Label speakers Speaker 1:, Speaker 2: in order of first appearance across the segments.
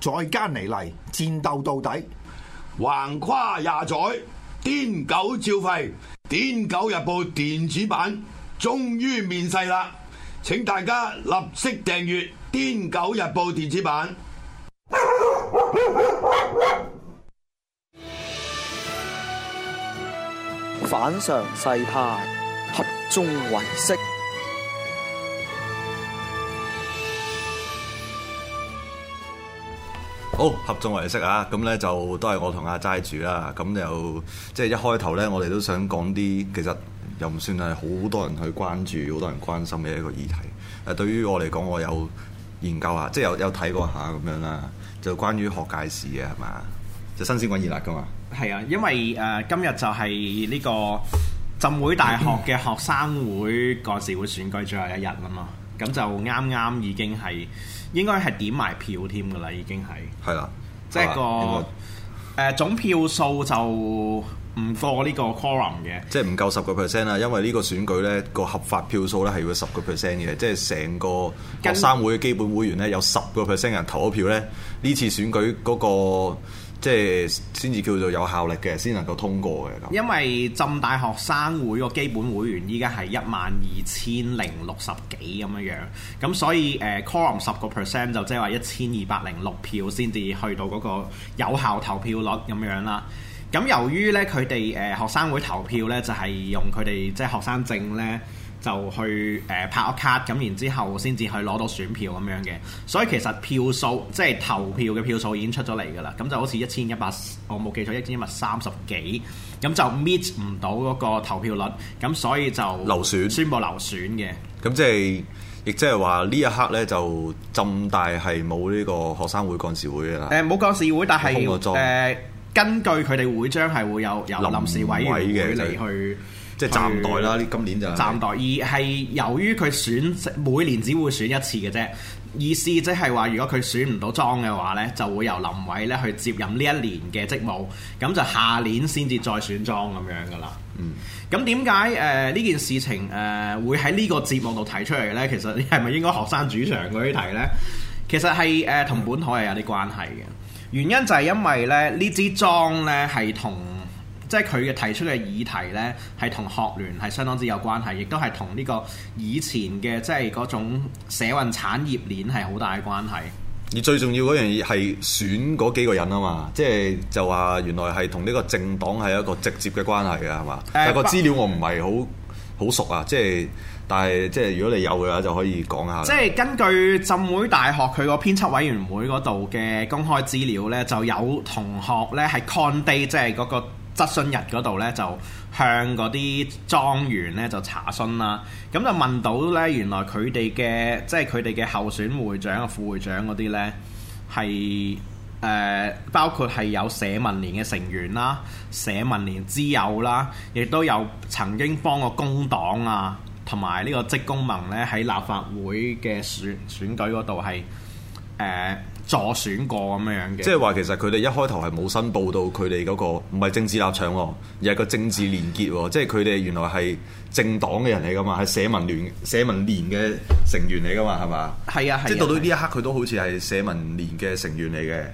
Speaker 1: 再奸嚟嚟，戰鬥到底，橫跨廿載，癲狗照吠，癲狗日報電子版終於面世啦！請大家立即訂閱癲狗日報電子版。反常世態，合眾唯識。
Speaker 2: 好，合眾唯識啊！咁咧就都係我同阿齋主啦。咁又即係一開頭咧，我哋都想講啲其實又唔算係好多人去關注、好多人關心嘅一個議題。誒，對於我嚟講，我有研究下，即係有有睇過下咁樣啦。就關於學界事嘅係嘛，就新鮮滾熱辣噶嘛。
Speaker 1: 係啊，因為誒、呃、今日就係呢個浸會大學嘅學生會幹事會選舉最後一日啦嘛。嗯嗯咁就啱啱已經係應該係點埋票添㗎啦，已經係係啦，的即係個誒、呃、總票數就唔過呢個 quorum
Speaker 2: 嘅，即係唔夠十個 percent 啦，因為呢個選舉咧，個合法票數咧係要十個 percent 嘅，即係成個學生會嘅基本會員咧有十個 percent 人投咗票咧，呢次選舉嗰、那個。即係先至叫做有效力嘅，先能夠通過嘅咁。
Speaker 1: 因為浸大學生會個基本會員依家係一萬二千零六十幾咁樣樣，咁所以誒 quorum 十個 percent 就即係話一千二百零六票先至去到嗰個有效投票率咁樣啦。咁由於呢，佢哋誒學生會投票呢，就係用佢哋即係學生證呢。就去誒、呃、拍個卡，咁然之後先至去攞到選票咁樣嘅，所以其實票數即係投票嘅票數已經出咗嚟㗎啦，咁就好似一千一百，我冇記錯一千一百三十幾，咁就 meet 唔到嗰個投票率，咁所以就流選，流選，宣佈流選
Speaker 2: 嘅，咁即係亦即係話呢一刻咧就浸大係冇呢個學生會幹事會㗎啦。誒冇幹事會，但係誒、呃、
Speaker 1: 根據佢哋會章係會有有臨時委員會嚟、就係、去。
Speaker 2: 即係暫代啦，的今年就暫代。
Speaker 1: 而係由於佢選每年只會選一次嘅啫，意思即係話如果佢選唔到莊嘅話呢，就會由林偉咧去接任呢一年嘅職務，咁就下年先至再選莊咁樣噶啦。嗯。咁點解誒呢件事情誒、呃、會喺呢個節目度提出嚟呢？其實你係咪應該學生主場嗰啲題呢？其實係誒同本台係有啲關係嘅，原因就係因為咧呢支莊呢係同。即係佢嘅提出嘅議題呢，係同學聯係相當之有關係，亦都係同呢個以前嘅即係嗰種社運產業鏈係好大嘅關係。而最重
Speaker 2: 要嗰樣嘢係選嗰幾個人啊嘛，即係就話原來係同呢個政黨係一個直接嘅關係嘅，係嘛？誒、呃、個資料我唔係好好熟啊，即係但係即係如果你有嘅話就可以講下。即係
Speaker 1: 根據浸會大學佢個編輯委員會嗰度嘅公開資料呢，就有同學呢係 Condy 即係嗰個。質詢日嗰度咧，就向嗰啲莊員咧就查詢啦，咁就問到咧，原來佢哋嘅即係佢哋嘅候選會長啊、副會長嗰啲咧，係、呃、誒包括係有社民連嘅成員啦、社民連之友啦，亦都有曾經幫過工黨啊，同埋呢個職工盟咧喺立法會嘅選選舉嗰度係誒。呃助選過咁樣嘅，即係話
Speaker 2: 其實佢哋一開頭係冇申報到佢哋嗰個，唔係政治立場，而係個政治連結。 即係佢哋原來係政黨嘅人嚟噶嘛，係社民連社民連嘅成員嚟噶嘛，係嘛？係啊，啊即係到到呢一刻，佢、啊啊啊、都好似係社民連嘅成員嚟嘅，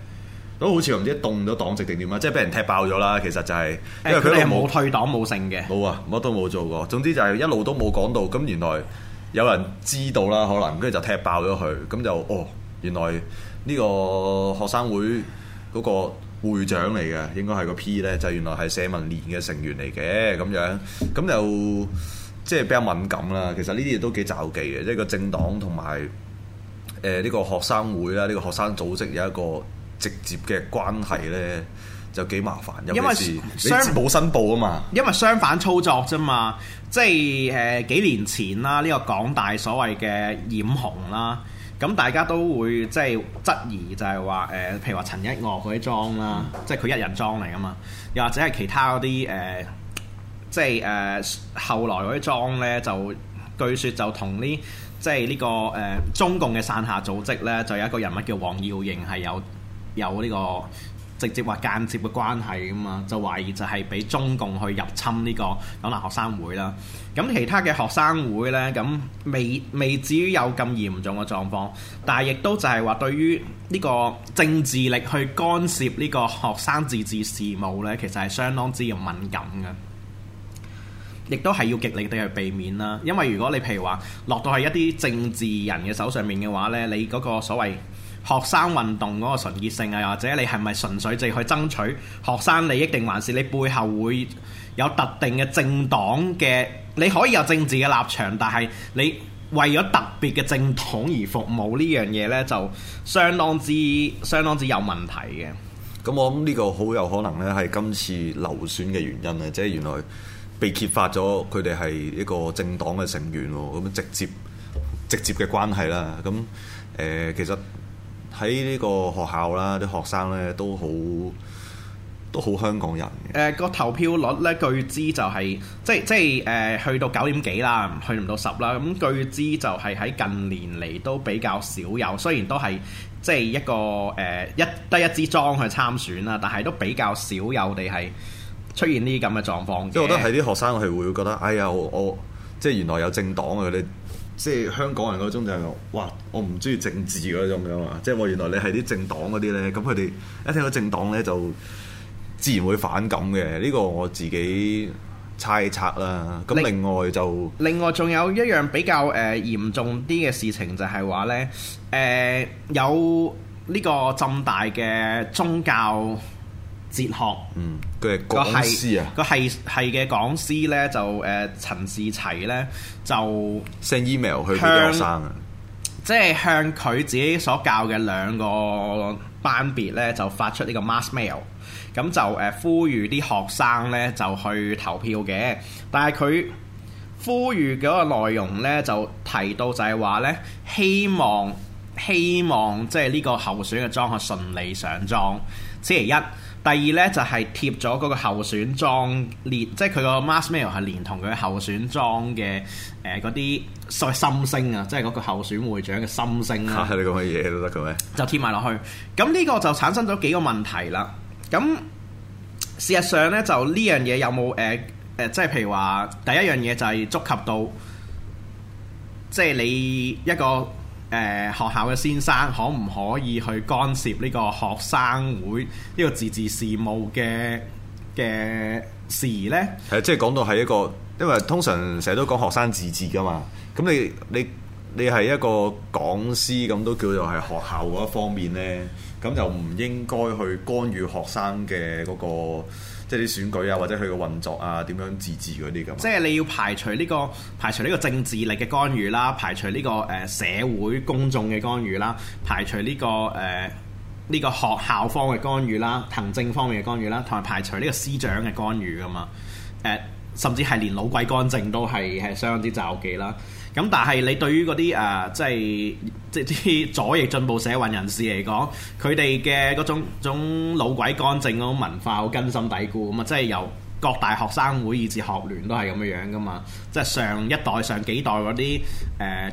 Speaker 2: 都好似唔知凍咗黨籍定點啊！即係俾人踢爆咗啦，其實就係、是，因為佢哋冇退黨冇性嘅，冇啊，乜都冇做過。總之就係一路都冇講到，咁原來有人知道啦，可能跟住就踢爆咗佢，咁就哦，原來。呢個學生會嗰個會長嚟嘅，應該係個 P 呢，就原來係社民連嘅成員嚟嘅咁樣，咁又即係比較敏感啦。其實呢啲嘢都幾棹忌嘅，即係個政黨同埋誒呢個學生會啦，呢個學生組織
Speaker 1: 有一個直接嘅關係呢，就幾麻煩。因為雙冇申報啊嘛，因、因為相反操作啫嘛，即係誒、呃、幾年前啦，呢個港大所謂嘅染紅啦。嗯咁大家都會即係質疑就，就係話誒，譬如話陳一諤嗰啲莊啦，即係佢一人莊嚟噶嘛，又或者係其他嗰啲誒，即係誒後來嗰啲莊咧，就據說就同呢即係呢、這個誒、呃、中共嘅傘下組織咧，就有一個人物叫黃耀瑩係有有呢、這個。直接或間接嘅關係咁啊，就懷疑就係俾中共去入侵呢個港大學生會啦。咁其他嘅學生會呢，咁未未至於有咁嚴重嘅狀況，但係亦都就係話對於呢個政治力去干涉呢個學生自治事務呢，其實係相當之咁敏感嘅，亦都係要極力地去避免啦。因為如果你譬如話落到係一啲政治人嘅手上面嘅話呢，你嗰個所謂學生運動嗰個純潔性啊，或者你係咪純粹淨去爭取學生利益，定還是你背後會有特定嘅政黨嘅？你可以有政治嘅立場，但係你為咗特別嘅政黨而服務呢樣嘢呢，就相當之相當之有問題嘅。咁我諗呢個好有可能呢，係今次流選嘅
Speaker 2: 原因啊！即係原來被揭發咗佢哋係一個政黨嘅成員喎，咁直接直接嘅關係啦。咁誒、呃，其實。喺呢個
Speaker 1: 學校啦，啲學生咧都好都好香港人嘅、呃。誒、個投票率咧據知就係、是、即係即係誒、呃、去到九點幾啦，去唔到十啦。咁據知就係喺近年嚟都比較少有，雖然都係即係一個誒、呃、一得一支莊去參選啦，但係都比較少有哋係出現呢啲咁嘅狀況。即係我覺得喺
Speaker 2: 啲學生係會覺得，哎呀，我，我即係原來有政黨嘅即係香港人嗰種就係、是，哇！我唔中意政治嗰種㗎嘛，即係我原來你係啲政黨嗰啲呢，咁佢哋一聽到政黨呢，就自然會反感嘅，呢、這個我自己猜測啦。咁另
Speaker 1: 外就另外仲有一樣比較誒嚴重啲嘅事情就係話呢，誒、呃、有呢個浸大嘅宗教。哲學，嗯，個係個係係嘅講師咧，就誒、呃、陳士齊咧，就 send email 去啲學生啊， 即係向佢自己所教嘅兩個班別咧，就發出呢個 mass mail，咁就誒呼籲啲學生咧就去投票嘅。但係佢呼籲嘅嗰個內容咧，就提到就係話咧，希望希望即係呢個候選嘅莊學順利上莊星期一。第二咧就係、是、貼咗嗰個候選莊連，即係佢個 mass mail 係連同佢候選莊嘅誒嗰啲所謂心聲啊，即係嗰個候選會長嘅心聲啊，嚇、啊！你講乜嘢都得嘅就貼埋落去。咁呢個就產生咗幾個問題啦。咁事實上咧，就呢樣嘢有冇誒誒，即係譬如話第一樣嘢就係觸及到，即係你一個。誒學校嘅先生可唔可以去干涉呢個學生會呢個自治事務嘅嘅事呢？
Speaker 2: 係即係講到係一個，因為通常成日都講學生自治噶嘛，咁你你你係一個講師咁，都叫做係學校嗰方面呢，咁就唔應該去干預學生嘅嗰個。即係啲選舉啊，或者佢
Speaker 1: 嘅運作啊，點樣自治嗰啲咁。即係你要排除呢、這個排除呢個政治力嘅干預啦，排除呢、這個誒、呃、社會公眾嘅干預啦，排除呢、這個誒呢、呃這個學校方嘅干預啦，行政方面嘅干預啦，同埋排除呢個司長嘅干預噶嘛誒，甚至係連老鬼幹政都係係相當之招忌啦。咁但係你對於嗰啲誒即係。啲左翼進步社運人士嚟講，佢哋嘅嗰種老鬼乾淨嗰種文化好根深蒂固，咁啊即係由各大學生會以至學聯都係咁樣樣噶嘛，即係上一代、上幾代嗰啲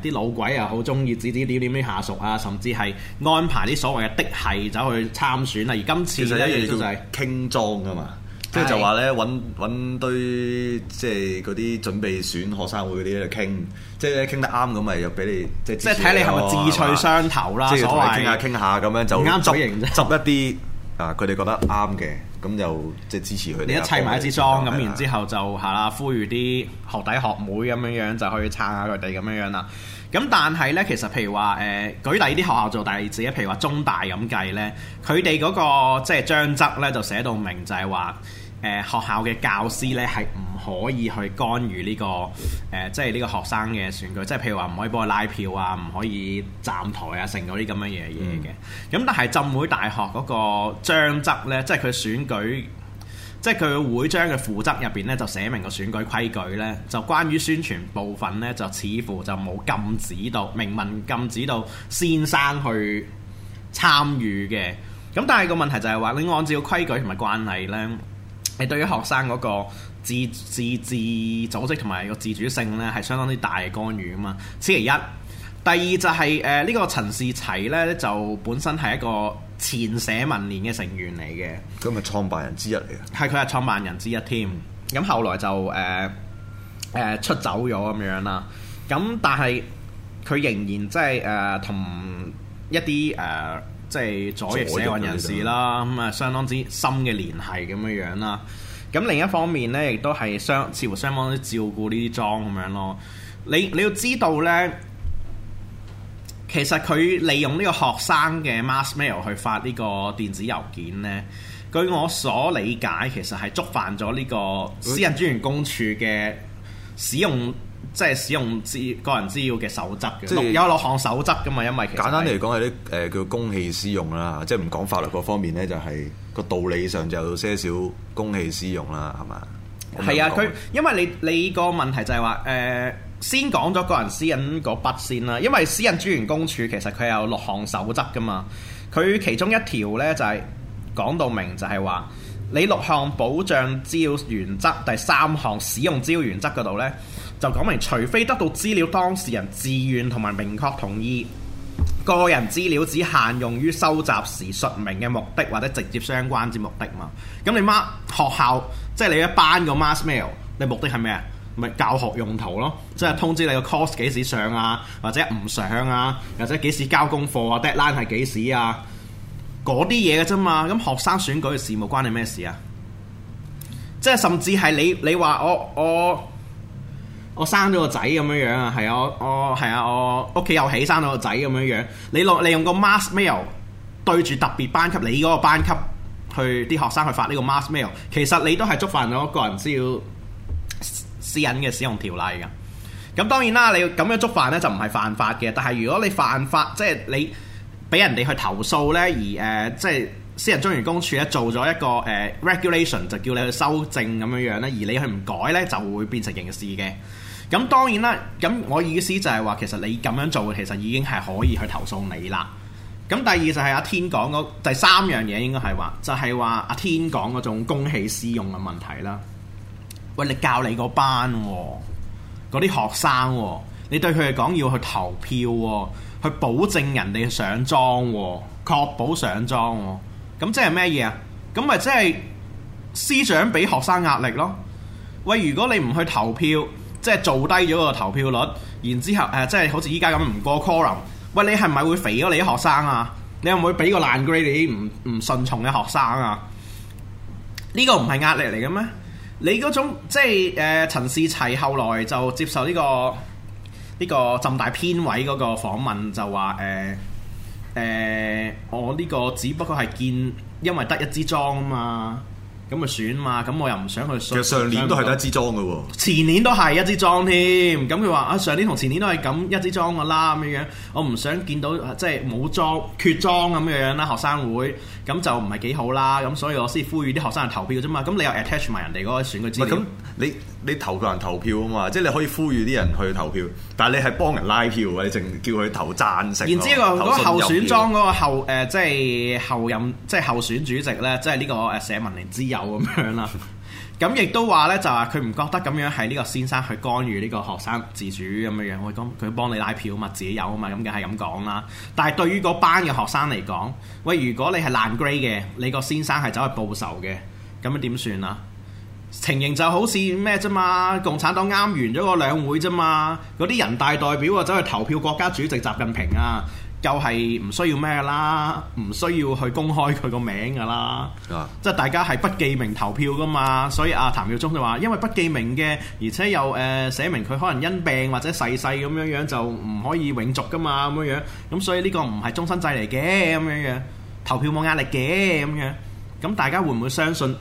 Speaker 1: 誒啲老鬼又好中意指指點點啲下屬啊，甚至係安排啲所謂嘅嫡系走去參選啊，而今次就一樣嘢就係傾莊噶嘛。嗯即係就話咧，揾
Speaker 2: 揾堆即係嗰啲準備選學生會嗰啲嚟傾，即係咧傾得啱咁，咪又俾你即係即係睇你係咪志趣相
Speaker 1: 投啦，所謂傾下傾
Speaker 2: 下咁樣就啱執型啫，執一啲啊，佢哋覺得啱嘅咁就即係支持佢哋。你一砌埋一支
Speaker 1: 裝咁，對然之後就下啦，呼籲啲學弟學妹咁樣樣就可以撐下佢哋咁樣樣啦。咁但係咧，其實譬如話誒、呃，舉例啲學校做例子嘅，譬如話中大咁計咧，佢哋嗰個即係章則咧就寫到明就，就係話。誒學校嘅教師呢，係唔可以去干預呢、呢個誒、呃，即係呢個學生嘅選舉，即係譬如話唔可以幫佢拉票啊，唔可以站台啊，剩嗰啲咁樣嘅嘢嘅。咁、嗯、但係浸會大學嗰個章則呢，即係佢選舉，即係佢會章嘅負責入邊呢，就寫明個選舉規矩呢，就關於宣傳部分呢，就似乎就冇禁止到明文禁止到先生去參與嘅。咁但係個問題就係話，你按照規矩同埋慣例呢。你對於學生嗰個自自自組織同埋個自主性呢，係相當之大嘅干預啊嘛。此其一，第二就係誒呢個陳士齊呢，就本身係一個前社民連嘅成員嚟嘅。咁咪創辦人之一嚟嘅。係，佢係創辦人之一添。咁後來就誒誒、呃呃、出走咗咁樣啦。咁但係佢仍然即係誒同一啲誒。呃即係左翼社運人士啦，咁啊相當之深嘅聯繫咁樣樣啦。咁另一方面呢，亦都係相似乎相當之照顧呢啲莊咁樣咯。你你要知道呢，其實佢利用呢個學生嘅 Mass Mail 去發呢個電子郵件呢，據我所理解，其實係觸犯咗呢個私隱專員公署嘅使用。 即係使，使用資個人資料嘅守則嘅，即是有六項守則噶嘛？因為其簡單嚟講
Speaker 2: 係啲誒叫公器私用啦，即係唔講法律嗰方面呢，就係、是、個道理上就有些少公器私用啦，係嘛？
Speaker 1: 係、嗯、啊，佢因為你你個問題就係話誒，先講咗個人私隱嗰筆先啦，因為私隱專員公署其實佢有六項守則噶嘛，佢其中一條呢就係、是、講到明就係話。你六項保障資料原則第三項使用資料原則嗰度呢，就講明除非得到資料當事人自願同埋明確同意，個人資料只限用於收集時說明嘅目的或者直接相關之目的嘛。咁你 mark 學校即係你一班個 mass mail，你目的係咩啊？咪、就是、教學用途咯，即係通知你個 course 幾時上啊，或者唔上啊，或者幾時交功課啊，deadline 係幾時啊？嗰啲嘢嘅啫嘛，咁學生選舉嘅事冇關事你咩事啊？即係甚至係你你話我我我生咗個仔咁樣樣啊，係啊我我係啊我屋企又起生咗個仔咁樣樣，你落你用個 mass mail 對住特別班級你嗰個班級去啲學生去發呢個 mass mail，其實你都係觸犯咗個個人要私隱嘅使用條例噶。咁當然啦，你咁樣觸犯咧就唔係犯法嘅，但係如果你犯法，即係你。俾人哋去投訴呢，而誒、呃、即係私隱專員公署咧做咗一個誒、呃、regulation，就叫你去修正咁樣樣咧，而你去唔改呢，就會變成刑事嘅。咁當然啦，咁我意思就係話，其實你咁樣做，其實已經係可以去投訴你啦。咁第二就係阿、啊、天講嗰第三樣嘢，應該係話就係話阿天講嗰種公器私用嘅問題啦。喂，你教你個班嗰、哦、啲學生、哦，你對佢哋講要去投票、哦。去保證人哋上莊、啊，確保上莊，咁即係咩嘢啊？咁咪即係思想俾學生壓力咯？喂，如果你唔去投票，即係做低咗個投票率，然之後誒、呃，即係好似依家咁唔過 quorum 喂，你係咪會肥咗你啲學生啊？你有冇會俾個爛 grade 啲唔唔順從嘅學生啊？呢、這個唔係壓力嚟嘅咩？你嗰種即係誒陳士齊後來就接受呢、這個。呢個浸大編委嗰個訪問就話誒誒，我呢個只不過係見，因為得一支莊啊嘛，咁咪選嘛，咁我又唔想佢。其實上年都係得一支
Speaker 2: 莊嘅喎。
Speaker 1: 前年都係一支莊添，咁佢話啊，上年同前年都係咁一支莊嘅啦，咁樣樣，我唔想見到即係冇莊、缺莊咁樣樣啦。學生會咁就唔係幾好啦，咁所以我先呼籲啲學生投票啫嘛。咁你又 attach 埋人哋嗰個選舉資料。唔係咁
Speaker 2: 你。你投票人投票啊嘛，即係你可以呼籲啲人去投票，但係你係幫人拉票，你淨叫佢投贊成。然之後，嗰個候選莊
Speaker 1: 嗰個候、呃、即係候任即係候選主席咧，即係呢個誒社民連之友咁樣啦。咁亦都話咧，就話佢唔覺得咁樣係呢個先生去干預呢個學生自主咁樣樣。佢幫你拉票啊嘛，自己有啊嘛，咁梗係咁講啦。但係對於嗰班嘅學生嚟講，喂，如果你係爛 grade 嘅，你個先生係走去報仇嘅，咁樣點算啊？情形就好似咩啫嘛，共產黨啱完咗個兩會啫嘛，嗰啲人大代表啊走去投票國家主席習近平啊，又係唔需要咩啦，唔需要去公開佢個名噶啦，啊、即係大家係不記名投票噶嘛，所以阿、啊、譚耀宗就話，因為不記名嘅，而且又誒、呃、寫明佢可能因病或者逝世咁樣樣就唔可以永續噶嘛咁樣樣，咁所以呢個唔係終身制嚟嘅咁樣樣，投票冇壓力嘅咁樣，咁大家會唔會相信？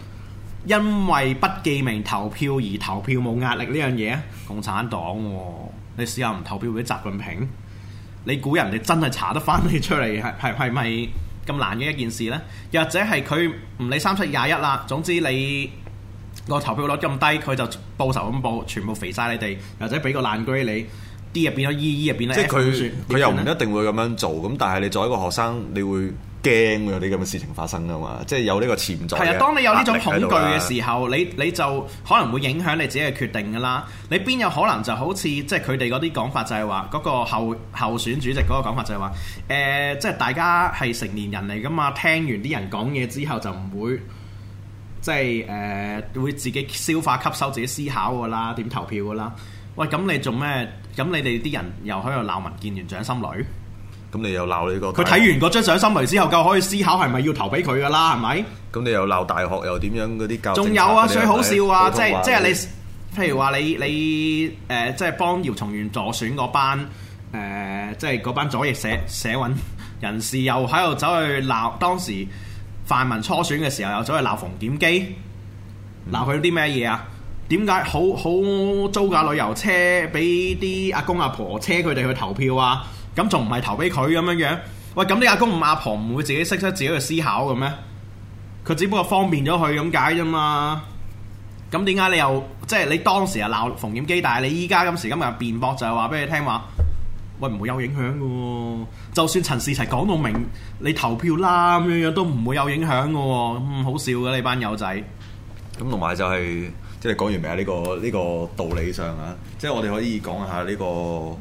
Speaker 1: 因為不記名投票而投票冇壓力呢樣嘢啊！共產黨、啊，你試下唔投票會俾習近平？你估人哋真係查得翻你出嚟係係係咪咁難嘅一件事呢？又或者係佢唔理三七廿一啦？總之你個投票率咁低，佢就報仇咁報，全部肥晒你哋，或者俾個爛居 r d 你啲入邊啦，依依入邊啦。即係佢，
Speaker 2: 佢又唔一定會咁樣做。咁但係你作為一個學生，你會？驚有啲咁嘅事情發生㗎嘛，即係有呢個潛在。係 啊，當你有呢種恐懼嘅時
Speaker 1: 候， 你你就可能會影響你自己嘅決定㗎啦。你邊有可能就好似即係佢哋嗰啲講法就，就係話嗰個候候選主席嗰個講法就係話，誒、呃、即係大家係成年人嚟㗎嘛，聽完啲人講嘢之後就唔會即係誒、呃、會自己消化吸收、自己思考㗎啦，點投票㗎啦？喂，咁你做咩？咁你哋啲人又喺度鬧民建聯掌心女？咁你又鬧呢個佢睇完嗰張相心為之後，夠可以思考係咪要投俾佢㗎啦？係咪？咁你又鬧大學又點樣？嗰啲教仲有啊！最好笑啊！就是、通即係即係你，嗯、譬如話你你誒，即、呃、係、就是、幫姚松炎助選嗰班誒，即係嗰班左翼社社運人士，又喺度走去鬧當時泛民初選嘅時候，又走去鬧馮檢基，鬧佢啲咩嘢啊？點解好好租架旅遊車俾啲阿公阿婆車佢哋去投票啊？咁仲唔係投俾佢咁樣樣？喂，咁你阿公同阿婆唔會自己識出自己去思考嘅咩？佢只不過方便咗佢咁解啫嘛。咁點解你又即係你當時啊鬧馮檢基，但係你依家今時今日辯駁就係話俾你聽話，喂，唔會有影響嘅。就算陳士齊講到明，你投票啦咁樣樣都唔會有影響嘅。咁、嗯、好笑嘅呢班友仔。咁同埋就係、是、
Speaker 2: 即係講完未啊、這個？呢個呢個道理上啊，即係我哋可以講下呢、這個。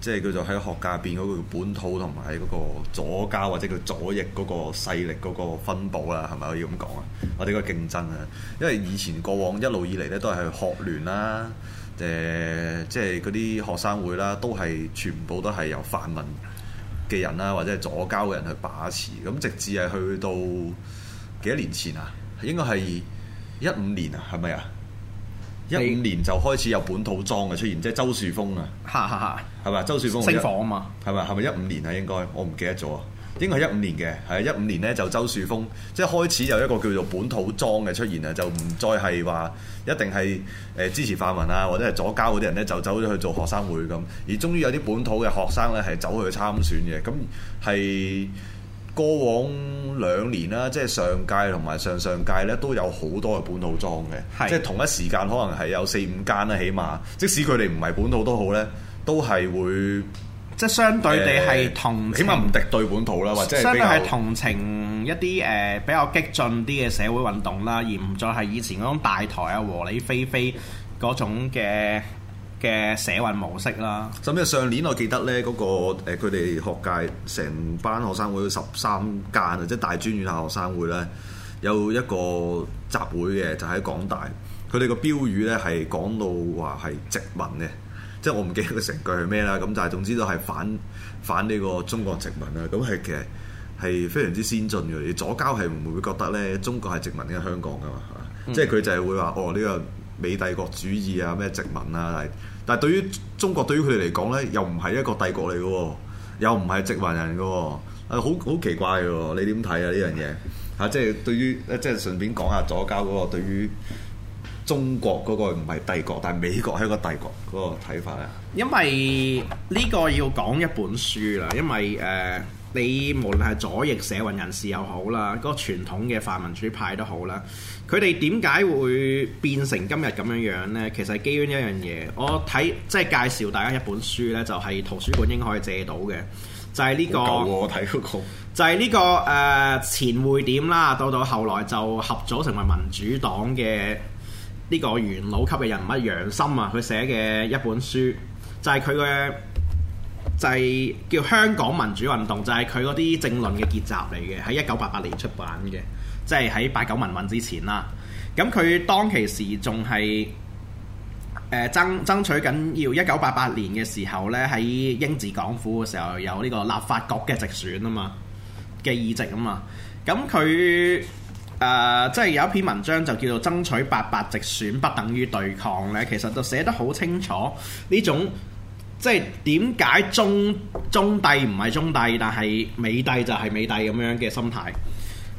Speaker 2: 即係叫做喺學界入邊嗰個本土同埋喺嗰個左膠或者叫左翼嗰個勢力嗰個分布啦，係咪可以咁講啊？或者個競爭啊，因為以前過往一路以嚟咧都係學聯啦，誒、呃，即係嗰啲學生會啦，都係全部都係由泛民嘅人啦，或者係左膠嘅人去把持，咁直至係去到幾多年前啊，應該係一五年啊，係咪啊？一五你年，就開始有本土莊嘅出現，即係周樹峰啊！哈哈哈，係咪周樹峰，升房啊嘛，係咪？係咪一五年啊？應該我唔記得咗啊，應該係一五年嘅，係一五年咧就周樹峰，即係開始有一個叫做本土莊嘅出現啊，就唔再係話一定係誒支持泛民啊，或者係左膠嗰啲人咧就走咗去做學生會咁，而終於有啲本土嘅學生咧係走去參選嘅，咁係。過往兩年啦，即係上屆同埋上上屆呢，都有好多嘅本土莊嘅，是的 即係同一時間可能係有四五間啦、呃，起碼即使佢哋唔係本土都好呢，都係會即係相對地係同起碼唔敵對本土啦，或者相對係
Speaker 1: 同情一啲誒、呃、比較激進啲嘅社會運動啦，而唔再係以前嗰種大台啊和理非非嗰種嘅嘅社運模式啦，甚至
Speaker 2: 上年我記得呢、那、嗰個佢哋學界成班學生會十三間啊，即、就、係、是、大專院校學生會呢，有一個集會嘅，就喺、是、港大，佢哋個標語呢係講到話係殖民嘅，即係我唔記得個成句係咩啦，咁但係總之都係反反呢個中國殖民啊，咁係其實係非常之先進嘅，而左膠係唔會覺得呢中國係殖民緊香港㗎嘛？嗯、即係佢就係會話哦呢、這個。美帝國主義啊，咩殖民啊，但係但係對於中國對於佢哋嚟講呢，又唔係一個帝國嚟嘅，又唔係殖民人嘅，好好奇怪嘅，你點睇啊呢樣嘢？嚇、 啊，即係對於，即係順便講下左膠嗰、嗰個對於中國嗰個唔係帝國，但係美國係一個帝國嗰個睇法啊，
Speaker 1: 因為呢個要講一本書啦，因為誒。呃你無論係左翼社運人士又好啦，嗰、那個傳統嘅泛民主派都好啦，佢哋點解會變成今日咁樣樣呢？其實基於一樣嘢，我睇即係介紹大家一本書呢，就係、是、圖書館應該可以借到嘅，就係、是、呢、這個。舊喎、啊、我睇嗰、那個、就係呢、這個誒、呃、前匯點啦，到到後來就合組成為民主黨嘅呢個元老級嘅人物楊森啊，佢寫嘅一本書就係佢嘅。就係叫香港民主運動，就係佢嗰啲政論嘅結集嚟嘅，喺一九八八年出版嘅，即係喺八九民運之前啦。咁佢當其時仲係誒爭爭取緊要，要一九八八年嘅時候呢喺英治港府嘅時候有呢個立法局嘅直選啊嘛，嘅議席啊嘛。咁佢誒即係有一篇文章就叫做《爭取八八直選不等於對抗》呢其實就寫得好清楚呢種。即係點解中中帝唔係中帝，但係美帝就係美帝咁樣嘅心態？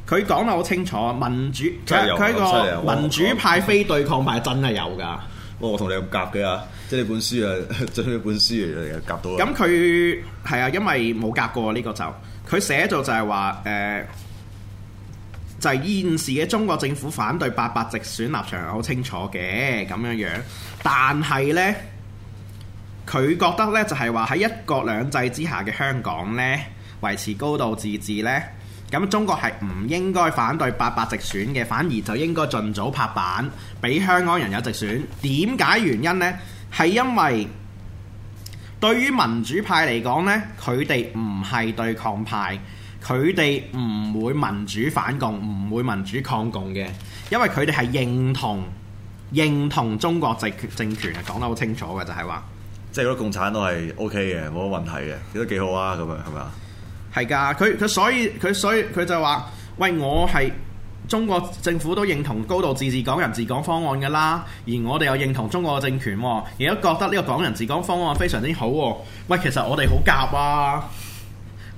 Speaker 1: 佢講得好清楚，民主佢佢個民主派非對抗派真係有噶、哦。我同你咁夾嘅啊，即係呢本書啊，即係呢本書嚟夾到。咁佢係啊，因為冇夾過呢個就佢寫咗就係話誒，就係、是、現時嘅中國政府反對八八直選立場係好清楚嘅咁樣樣，但係呢。佢覺得咧，就係話喺一國兩制之下嘅香港咧，維持高度自治咧。咁中國係唔應該反對八八直選嘅，反而就應該盡早拍板俾香港人有直選。點解原因呢係因為對於民主派嚟講咧，佢哋唔係對抗派，佢哋唔會民主反共，唔會民主抗共嘅，因為佢哋係認同認同中國政權政權，講得好清楚嘅就係話。即係嗰個共產黨都係 OK 嘅，冇乜問題嘅，其實都幾好啊，咁樣係咪啊？係噶，佢佢所以佢所以佢就話：喂，我係中國政府都認同高度自治、港人治港方案嘅啦。而我哋又認同中國嘅政權，而家覺得呢個港人治港方案非常之好。喂，其實我哋好夾啊！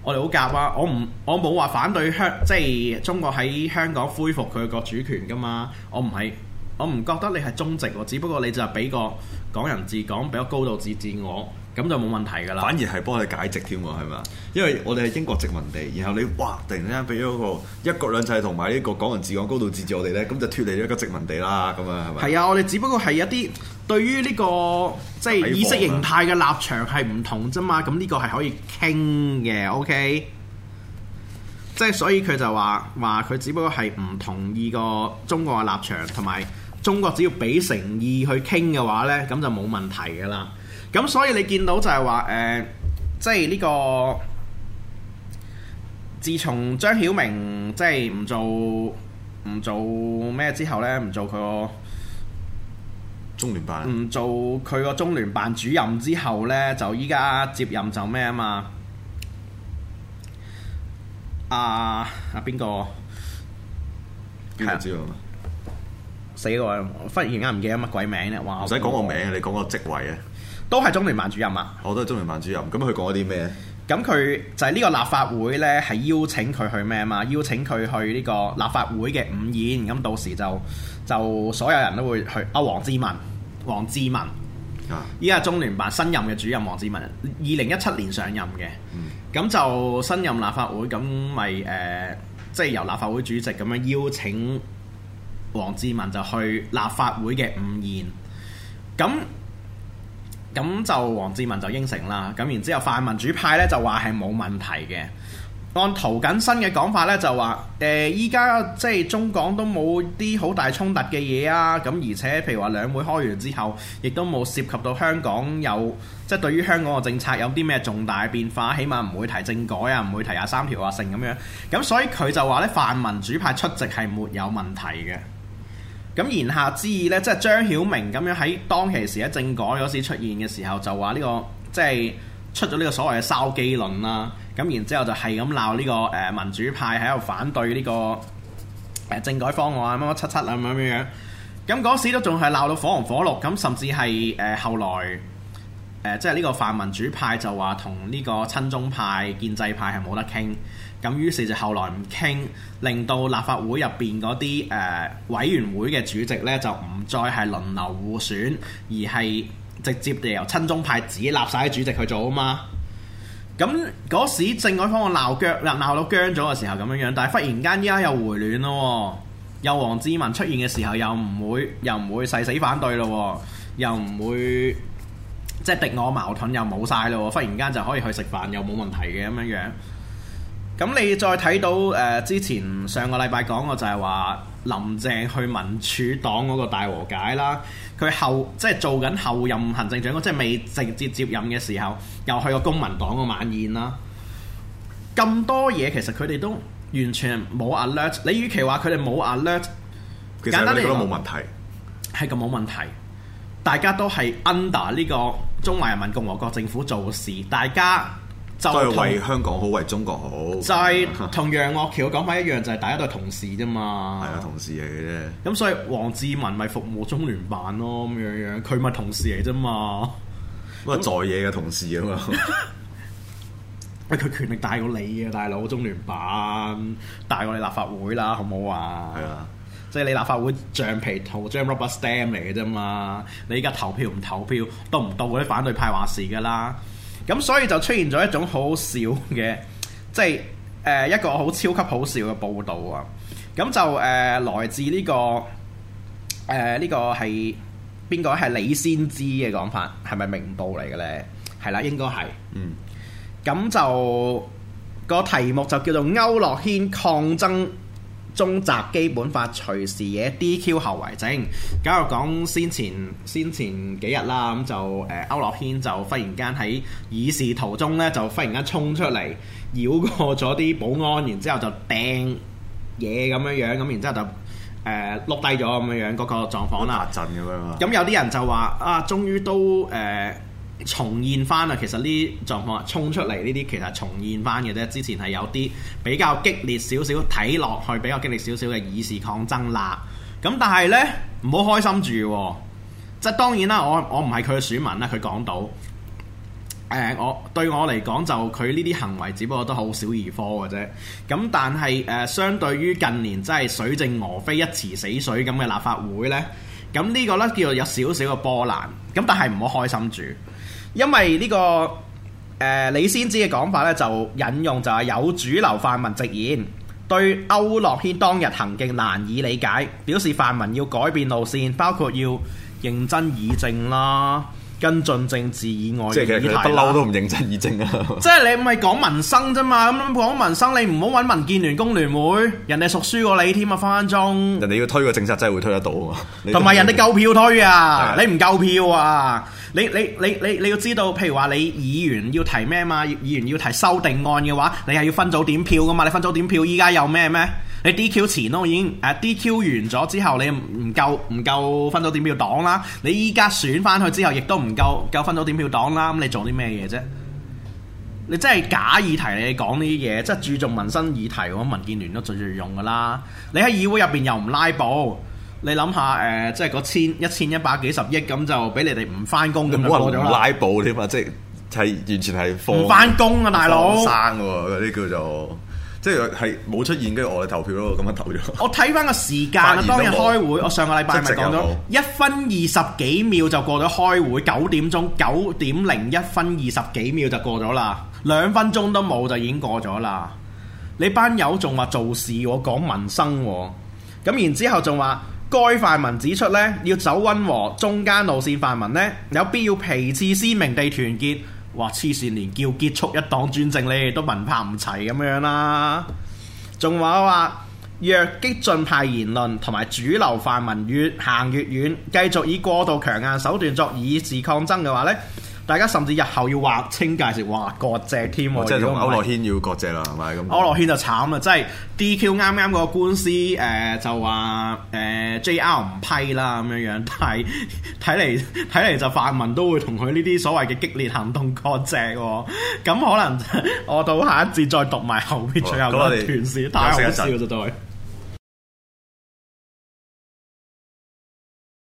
Speaker 1: 我哋好夾啊！我唔我冇話反對香港，即係中國喺香港恢復佢個主權噶嘛？我唔係。我唔覺得你係中殖喎，只不過你就係俾個港人治港，俾個高度自治我，咁就冇問題噶啦。反而係幫你解殖添喎，係咪？因為我哋係英國殖民地，然後你哇突然之間俾咗個
Speaker 2: 一國兩制同埋呢個港人治港、高度自治我哋呢，咁就脫離咗個殖民地啦，咁啊係咪？係啊，
Speaker 1: 我哋只不過係一啲對於呢、呢個即係意識形態嘅立場係唔同啫嘛，咁呢個係可以傾嘅，OK。即係所以佢就話話佢只不過係唔同意個中國嘅立場同埋。中國只要俾誠意去傾嘅話呢，咁就冇問題嘅啦。咁所以你見到就係話誒，即係呢個，自從張曉明即係唔做唔做咩之後呢，唔做佢個中聯辦，唔做佢個中聯辦主任之後呢，就依家接任就咩啊嘛？阿阿邊個？邊個知道啊？死忽然間唔記得乜鬼名咧，哇！唔使講個名，我，你講個職位啊，都係中聯辦主任啊，哦。我都係中聯辦主任。咁佢講啲咩？咁佢、嗯、就係呢個立法會呢，係邀請佢去咩啊嘛？邀請佢去呢個立法會嘅午宴。咁到時就就所有人都會去。阿、啊、黃志文，黃志文啊，依家係中聯辦新任嘅主任黃志文，二零一七年上任嘅。咁、嗯、就新任立法會，咁咪誒，即、呃、係、就是、由立法會主席咁樣邀請。黃志文就去立法會嘅午宴，咁咁就黃志文就應承啦。咁然之後，泛民主派咧就話係冇問題嘅。按涂謹申嘅講法咧，就話誒，依家即係中港都冇啲好大衝突嘅嘢啊。咁而且，譬如話兩會開完之後，亦都冇涉及到香港有即係、就是、對於香港嘅政策有啲咩重大變化，起碼唔會提政改啊，唔會提廿三條啊，成咁樣。咁所以佢就話咧，泛民主派出席係沒有問題嘅。咁言下之意咧，即係張曉明咁樣喺當其時喺政改嗰時出現嘅時候就、這個，就話呢個即係出咗呢個所謂嘅、啊《燒雞論》啦。咁然之後就係咁鬧呢個誒民主派喺度反對呢個政改方案乜、啊、乜七七啊咁樣樣。咁嗰時都仲係鬧到火紅火綠，咁甚至係誒、呃、後來、呃、即係呢個泛民主派就話同呢個親中派、建制派係冇得傾。咁於是就後來唔傾，令到立法會入邊嗰啲誒委員會嘅主席呢，就唔再係輪流互選，而係直接地由親中派自己立晒主席去做啊嘛。咁嗰時政改方嘅鬧腳鬧到僵咗嘅時候咁樣樣，但係忽然間依家又回暖咯。又王志民出現嘅時候又唔會又唔會誓死反對咯，又唔會即係、就是、敵我矛盾又冇曬咯。忽然間就可以去食飯又冇問題嘅咁樣樣。咁你再睇到誒、呃、之前上個禮拜講過就係話林鄭去民主黨嗰個大和解啦，佢後即係做緊後任行政長官，即係未直接接任嘅時候，又去個公民黨個晚宴啦。咁多嘢其實佢哋都完全冇 alert。你與其話佢哋冇 alert，< 其實 S 1> 簡單嚟講都冇問題，係咁冇問題。大家都係 under 呢個中華人民共和國政府做事，大家。都係為香港好，為中國好。 就係同楊岳橋講法一樣，就係、是、大家都係同事啫嘛。係啊，同事嚟嘅啫。咁所以王志民咪服務中聯辦咯，咁樣樣。佢咪同事嚟啫嘛。
Speaker 2: 咁啊，在野嘅同事啊嘛。
Speaker 1: 喂，佢權力大過你啊，大佬！中聯辦大過你立法會啦，好唔好啊？係啊。即係你立法會橡皮圖章 rubber stamp 嚟嘅啫嘛。你而家投票唔投票，到唔到嗰啲反對派話事噶啦？咁所以就出現咗一種好好笑嘅，即係誒、呃、一個好超級好笑嘅報導啊！咁就誒、呃、來自呢、呢個誒呢、呃呢個係邊個咧？係李先知嘅講法係咪明報嚟嘅咧？係啦，應該係。嗯。咁就、這個題目就叫做歐樂軒抗爭。中集基本法隨時嘢 DQ 後遺症。假如講先前先前幾日啦，咁就誒、呃、歐樂軒就忽然間喺議事途中咧，就忽然間衝出嚟繞過咗啲保安，然之後就掟嘢咁樣樣，咁然之後就誒落低咗咁樣樣嗰個狀況啦，陣咁樣啊！咁有啲人就話啊，終於都誒～重現翻啊！其實呢啲狀況衝出嚟呢啲其實重現翻嘅啫。之前係有啲比較激烈少少睇落去，比較激烈少少嘅以示抗爭啦。咁但係呢，唔好開心住、哦，即係當然啦。我我唔係佢嘅選民啦，佢講到誒、呃、我對我嚟講就佢呢啲行為，只不過都好小兒科嘅啫。咁但係誒、呃，相對於近年真係水靜鵝飛一池死水咁嘅立法會呢，咁呢個呢，叫做有少少嘅波瀾。咁但係唔好開心住。因為呢、這個誒、呃、李先知嘅講法咧，就引用就係有主流泛民直言，對歐樂軒當日行徑難以理解，表示泛民要改變路線，包括要認真議政啦，跟進政治以外嘅議題，即係不嬲都唔認真
Speaker 2: 議政啊！ 即
Speaker 1: 係你唔係講民生啫嘛，咁講民生你唔好揾民建聯、工聯會，人哋熟書過你添啊！翻返中，人哋要推個政策真係會推得到啊！同埋人哋夠票推啊， 你唔夠票啊！ 你你你你你要知道，譬如話你議員要提咩嘛？議員要提修訂案嘅話，你係要分組點票噶嘛？你分組點票，依家有咩咩？你 DQ 前都已經，誒、uh, DQ 完咗之後，你唔夠唔夠分組點票黨啦。你依家選翻去之後，亦都唔夠夠分組點票黨啦。咁你做啲咩嘢啫？你真係假議題？你講呢啲嘢，即係注重民生議題，我民建聯都著著用噶啦。你喺議會入邊又唔拉布？你諗下誒、呃，即係個千一千一百幾十億咁就俾你哋唔翻工咁就拉
Speaker 2: 布添啊，即係係完全係唔翻工啊大佬。生喎嗰啲叫做即係係冇出現，跟住我哋投票咯，咁咪投咗。我
Speaker 1: 睇翻個時間啊，發言 當日開會，我上個禮拜咪講咗一分二十幾秒就過咗開會，九點鐘九點零一分二十幾秒就過咗啦，兩分鐘都冇就已經過咗啦。你班友仲話做事，我講民生喎，咁然之後仲話。該泛民指出呢要走溫和中間路線，泛民呢有必要皮刺鮮明地團結，或黐線連叫結束一黨專政，你哋都文拍唔齊咁樣啦，啊。仲話話若激進派言論同埋主流泛民越行越遠，繼續以過度強硬手段作以示抗爭嘅話呢。大家甚至日後要劃清界線，割席添喎。即係咁，哦、歐樂軒
Speaker 2: 要割席啦，係咪咁？歐
Speaker 1: 樂軒就慘啦，即係 DQ 啱啱個官司誒、呃、就話誒、呃、JR 唔批啦咁樣樣，但係睇嚟睇嚟就泛民都會同佢呢啲所謂嘅激烈行動割席喎。咁可能 我到下一節再讀埋後面最後一段，好太好笑就對。